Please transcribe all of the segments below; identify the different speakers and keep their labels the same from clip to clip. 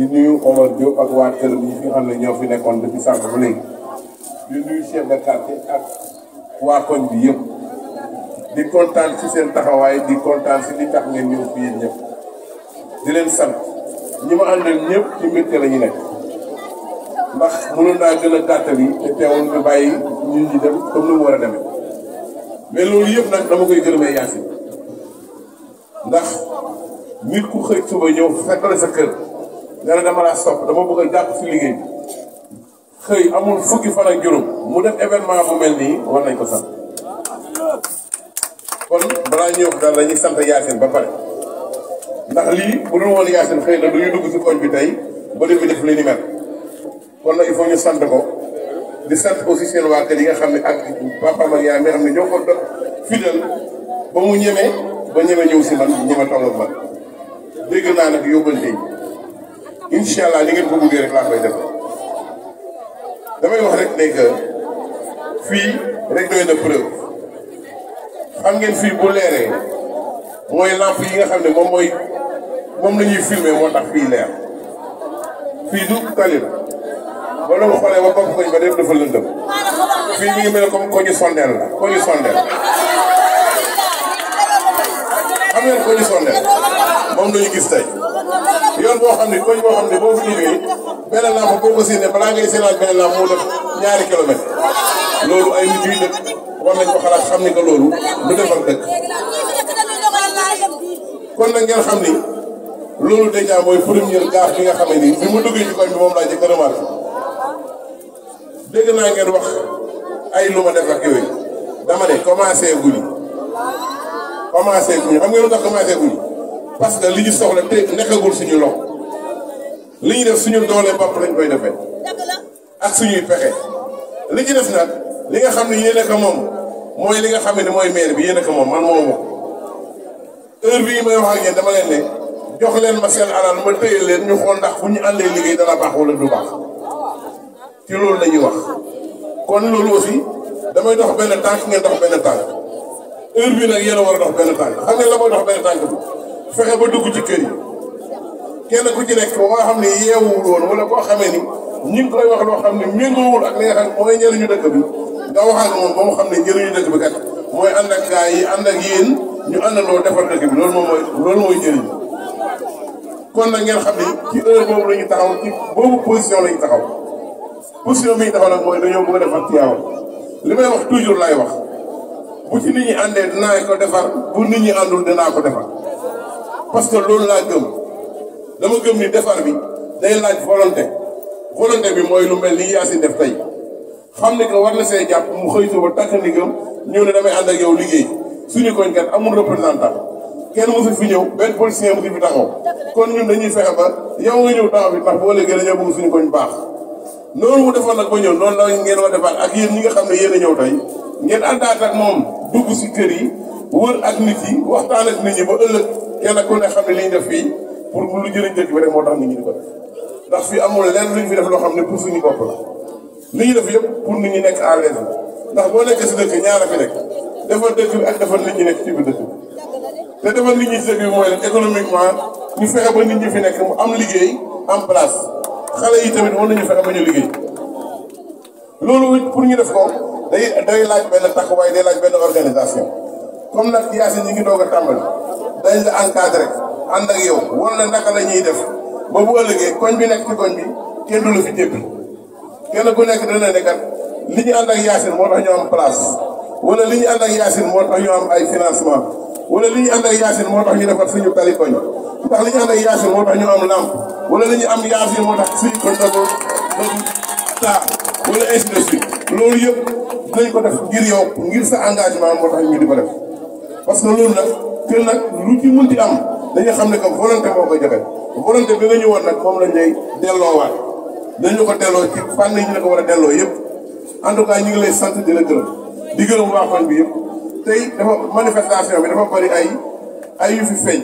Speaker 1: di nuyu Omar Diop ak waa këram yi nga xam ne ñoo fi nekkoon depuis sànq ba léegi yu nuyu chef de quartier ak waa koñ bi yëpp di kontaan si seen taxawaay di kontaan si li tax ngeen ñëw fii ñëpp di leen sant ñu ma àndal ñëpp ci mbégte la ñu nekk ndax mënoon naa gën a gàttal yi te teewul nga bàyyi ñun ñi dem comme ni mu war a demee mais loolu yëpp nag dama koy gërëmee Yacine ndax nit ku xëy suba ñëw fekk la sa kër. ne la dama laa sopp dama bëgg a jàpp si liggéey bi xëy amul fukki fan ak juróom mu def événement bu mel nii war nañ ko sant kon balaa ñëw daal la ñuy sant Yacine ba pare ndax lii bu dul woon Yacine xëy na du dugg si koñ bi tey ba def bi def li ni mel kon nag il ñu sant ko di sant aussi seen waa yi nga xam ne ak papaam ak yaay mi xam ne ñoo ko doon fidèle ba mu ñemee ba ñeme ñëw si man ñeme toll ak man dégg naa ne nag yóbbante incha allah li ngeen ko bëggee rek laa koy def damay wax rek ne fii rek doy na preuve xam ngeen fii bu leeree mooy lampe yi nga xam ne moom mooy moom la ñuy filmer moo tax fii leer fii du tali ba loolu xoolee ba bopp koñ ba def dafa lëndëm fii mi ngi mel comme koñu sondeel la koñu sondeel xam ngeen koñu sondeel moom la ñu gis tey yoon boo xam ne koñ boo xam ne boo fi duggee benn làmp boo ko séenee balaa ngay séenal benn làmp moo ñaari kilomètre loolu ay nit yuy dëkk war nañ ko xam ni loolu du defar dëkk kon nag ngeen xam ni loolu déjà mooy première gaaf bi nga xam ne nii bi mu duggee ci koñ bi moom laa njëkk a remarqué dégg naa ngeen wax ay lu ma def ak yooyu dama ne commencé guñu commencé guñu xam ngeen lu tax commencé guñu parce que li ñu soxla te nekkagul suñu loxo li ñu def suñu doole bopp lañ koy defee ak suñuy pexe li ñu def nag li nga xam ne yéen ko moom mooy li nga xam ne mooy maire bi yéen ko moom man moomu heure bii may wax ak yéen dama leen ne jox leen ma seen alal ma téye leen ñu xool ndax bu ñu àndee liggéey dana baax wala du baax ci loolu lañuy ñuy wax. kon loolu aussi damay dox benn tànk ngeen heure bii nag yéen a war a dox benn tànk xam ne la mooy dox benn tànk bi. fexe ba dugg ci kër yi kenn ku ci nekk ba nga xam ne yeewuwul woon wala koo xamee ni ñi ngi koy wax loo xam ne méngoowul ak li nga xam mooy njëriñu dëkk bi nga wax ak moom mu xam ne njëriñu dëkk bi kat mooy ànd ak gaa yi ànd ak yéen ñu àndandoo defar dëkk bi loolu moom mooy loolu mooy njëriñ kon nag ngeen xam ne ci heure boobu lañu ñu taxaw ci boobu position la ñu taxaw position bi ñu taxaw nag mooy dañoo bëgg a defar Tiwaawan li may wax toujour laay wax bu ci nit ñi àndee dinaa ko defar bu nit ñi àndul dinaa ko defar. parce que loolu laa gëm dama gëm ni defar bi day laaj volonté volonté bi mooy lu mel ni Yacine def tey xam ne que war na see jàpp mu xëy suba takk ndigam ñëw ne damay ànd ak yow liggéey suñu koñ kat amul représentant kenn mosu fi ñëw benn policier mosu fi taxaw kon ñun dañuy fexe ba yow nga ñëw taxaw bi ndax boo léegi dañoo bëgg suñu koñ baax nag ba ñëw noon la ngeen war defaat ak yéen ñi nga xam ne yéen a ñëw tey ngeen àndaat ak moom dugg si kër yi wër ak nit yi waxtaan ak kenn ku ne xam ne li ñu def fii pour pour lu jëriñ dëkk bi rek moo tax nit ñi def ndax fii amul lenn lu ñu fi def loo xam ne pour suñu bopp la li ñu def yëpp pour nit ñi nekk à l'aise ndax boo nekkee si dëkk ñaara fi nekk defal dëkk bi ak defal nekk ci biir dëkk bi te defal nit ñi si dëkk bi mooy leen ñu fi nekk mu am liggéey am place xale yi tamit mën nañu fexe ba ñu liggéey loolu pour ñu def ko day day laaj benn taxawaay day laaj benn organisation comme nag Yacine ñu ngi doog a tàmbali dañ la encadré ànd ak yow war na naka la ñuy def ba bu ëllëgee koñ bi nekk ci koñ bi kenn du la fi jéppi kenn ku nekk dana ne kat li ñu ànd moo tax ñu am place wala li ñu ànd ak Yacine moo ñu am ay financement wala li ñu ànd ak Yacine moo tax ñu ñu ànd ak Yacine moo tax ñu am lamp wala li am Yacine moo tax suñu koñ dafa taa wala ainsi de loolu yëpp dinañ ko def ngir yow ngir sa engagement moo tax ñu di def parce loolu nag. te nag lu ci munti am dañu xam ne que volonté boo ko joxe volonté bi nga ñëwoon nag moom lañ delloo waa dañu ko delloo ci fànn yi ñu ko war a delloo yëpp en tout cas ñu ngi lay sant di la gërëm di gërëm waa fan bi yëpp tey dafa manifestation bi dafa bari ay ay yu fi feeñ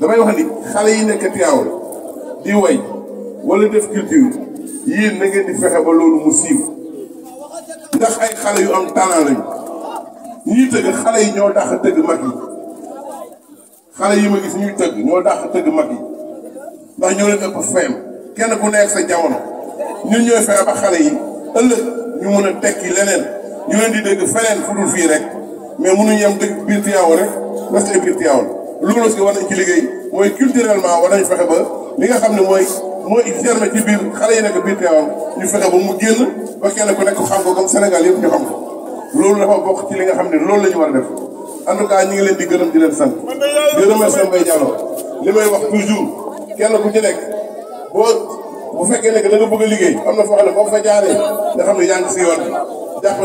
Speaker 1: damay wax ni xale yi nekk Tivaouane di way wala def culture yii ngeen di fexe ba loolu mu siiw ndax ay xale yu am talent lañu ñuy tëgg xale yi ñoo tax a tëgg mag yi xale yi ma gis ñuy tëgg ñoo dàq tëgg mag yi ndax ñoo leen ëpp feem kenn ku nekk sa jamono ñun ñooy fexe ba xale yi ëllëg ñu mën a tekki leneen ñu leen di dégg feneen fu fii rek mais mënuñu yem dëkk biir Tivaouane rek resté biir Tivaouane loolu aussi war nañ ci liggéey mooy culturellement war nañ fexe ba li nga xam ne mooy mooy germe ci biir xale yi nekk biir Tivaouane ñu fexe mu génn ba kenn ku nekk xam ko comme Sénégal yëpp xam ko loolu dafa bokk ci li nga xam ne loolu la ñu war a def en tout cas ñu ngi leen di gërëm di leen sant di remercier Mbaye Diallo li may wax toujours kenn ku ci nekk boo bu fekkee nekk da nga bëgg liggéey am na foo xam ne boo fa jaaree nga xam ne yaa ngi si yoon bi jàpp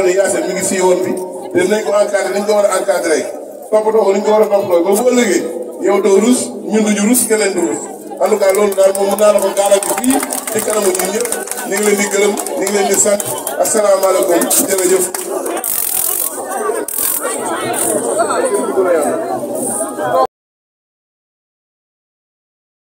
Speaker 1: mi ngi si yoon bi te dinañ ko encadré dañ ko war a encadré toppatoo ko ni ñu ko war a toppatoo ba bu ëllëgee yow doo rus ñun du rus en tout cas loolu daal moom mën naa la ko garanti fii ci kanamu ñun ñëpp ñu ngi leen di gërëm ñu ngi leen di sant asalaamaaleykum jërëjëf